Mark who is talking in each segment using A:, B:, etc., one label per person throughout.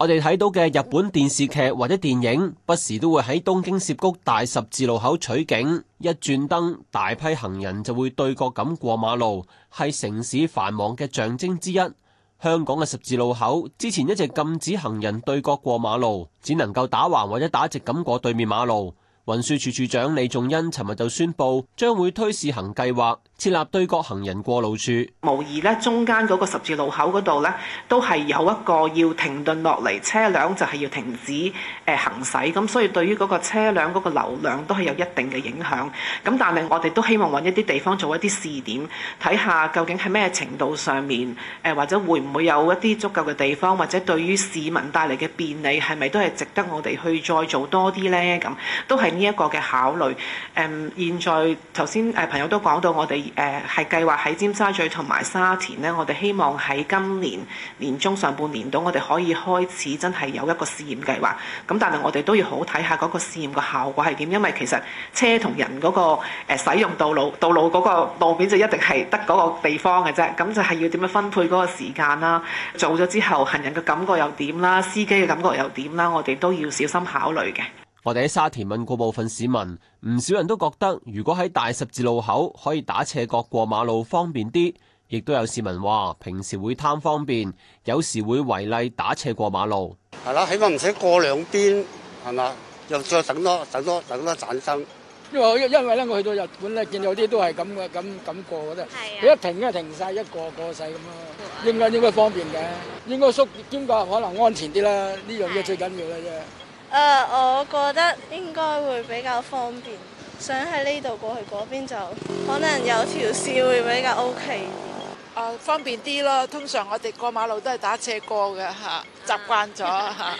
A: 我哋睇到嘅日本電視劇或者電影，不時都會喺東京涉谷大十字路口取景，一轉燈，大批行人就會對角咁過馬路，係城市繁忙嘅象徵之一。香港嘅十字路口之前一直禁止行人對角過馬路，只能夠打橫或者打直咁過對面馬路。運輸署署長李頌恩尋日就宣布，將會推試行計劃，設立對角行人過路處。
B: 無疑咧，中間嗰個十字路口嗰度咧，都係有一個要停頓落嚟，車輛就係要停止誒行駛。咁所以對於嗰個車輛嗰個流量都係有一定嘅影響。咁但係我哋都希望揾一啲地方做一啲試點，睇下究竟係咩程度上面，誒或者會唔會有一啲足夠嘅地方，或者對於市民帶嚟嘅便利係咪都係值得我哋去再做多啲咧？咁都係。呢一個嘅考慮，誒、嗯，現在頭先誒朋友都講到我，我哋誒係計劃喺尖沙咀同埋沙田咧，我哋希望喺今年年中上半年度，我哋可以開始真係有一個試驗計劃。咁，但係我哋都要好睇下嗰個試驗嘅效果係點，因為其實車同人嗰個誒使用道路道路嗰個路面就一定係得嗰個地方嘅啫，咁就係要點樣分配嗰個時間啦，做咗之後行人嘅感覺又點啦，司機嘅感覺又點啦，我哋都要小心考慮嘅。
A: 我哋喺沙田問過部分市民，唔少人都覺得如果喺大十字路口可以打斜角過馬路方便啲，亦都有市民話平時會貪方便，有時會違例打斜過馬路。
C: 係啦，起碼唔使過兩邊，係嘛？又再等多等多等多省心。因為因為咧，我去到日本咧，見到啲都係咁嘅，咁咁過嘅啫。你的一停咧停晒，一個過曬咁咯。應該應該方便嘅，應該縮兼夾可能安全啲啦。呢樣嘢最緊要啦啫。誒、呃，我覺得應該會比較方
B: 便。想喺呢度過去嗰邊就可能有條線會比較 O、OK、K、呃、方便啲咯。通常我哋過馬路都係打斜過嘅嚇，習慣咗嚇。好、啊、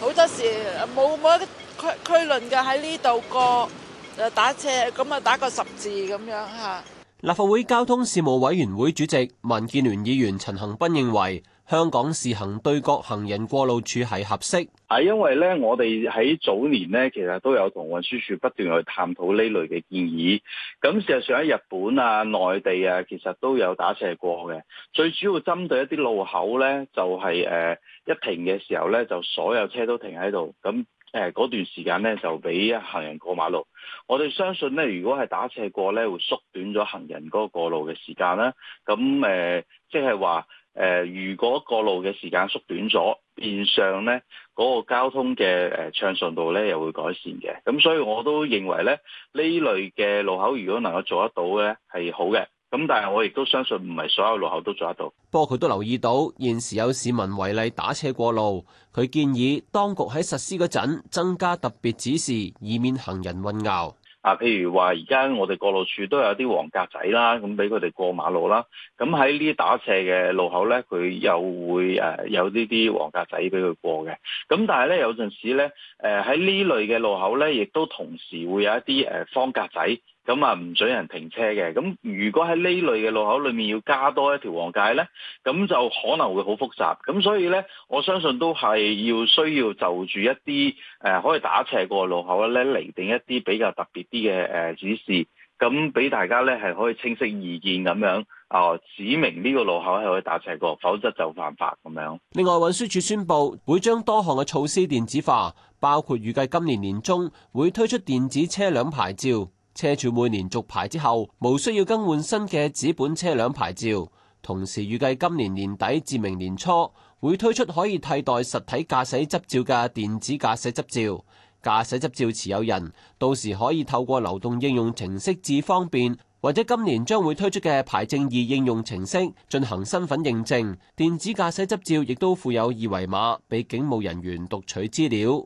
B: 多時冇冇區區輪嘅喺呢度過，就打斜咁啊，打個十字咁樣嚇。
A: 啊、立法會交通事務委員會主席、民建聯議員陳恒斌認為。香港試行對角行人過路處係合適，
C: 係因為咧，我哋喺早年咧，其實都有同運輸署不斷去探討呢類嘅建議。咁事實上喺日本啊、內地啊，其實都有打斜過嘅。最主要針對一啲路口咧，就係、是、誒、呃、一停嘅時候咧，就所有車都停喺度。咁誒嗰段時間咧，就俾行人過馬路。我哋相信咧，如果係打斜過咧，會縮短咗行人嗰個過路嘅時間啦。咁誒，即係話。就是誒，如果過路嘅時間縮短咗，變相呢嗰個交通嘅、誒暢順度呢又會改善嘅。咁所以我都認為呢，呢類嘅路口如果能夠做得到呢係好嘅。咁但係我亦都相信唔係所有路口都做得到。
A: 不過佢都留意到現時有市民為例打斜過路，佢建議當局喺實施嗰陣增加特別指示，以免行人混淆。
C: 啊，譬如話，而家我哋過路處都有啲黃格仔啦，咁俾佢哋過馬路啦。咁喺呢啲打斜嘅路口咧，佢又會誒、呃、有呢啲黃格仔俾佢過嘅。咁但係咧，有陣時咧，誒喺呢類嘅路口咧，亦都同時會有一啲誒、呃、方格仔。咁啊，唔、嗯、准人停車嘅。咁如果喺呢類嘅路口裏面要加多一條黃界咧，咁就可能會好複雜，咁所以咧，我相信都係要需要就住一啲誒可以打斜過嘅路口咧嚟，定一啲比較特別啲嘅誒指示，咁、嗯、俾大家咧係可以清晰意見，咁樣啊，指明呢個路口係可以打斜過，否則就犯法咁樣。
A: 另外，運輸署宣布會將多項嘅措施電子化，包括預計今年年中會推出電子車輛牌照。車主每年續牌之後，無需要更換新嘅紙本車輛牌照。同時，預計今年年底至明年初會推出可以替代實體駕駛執照嘅電子駕駛執照。駕駛執照持有人到時可以透過流動應用程式智方便，或者今年將會推出嘅牌證二應用程式進行身份認證。電子駕駛執照亦都附有二維碼，俾警務人員讀取資料。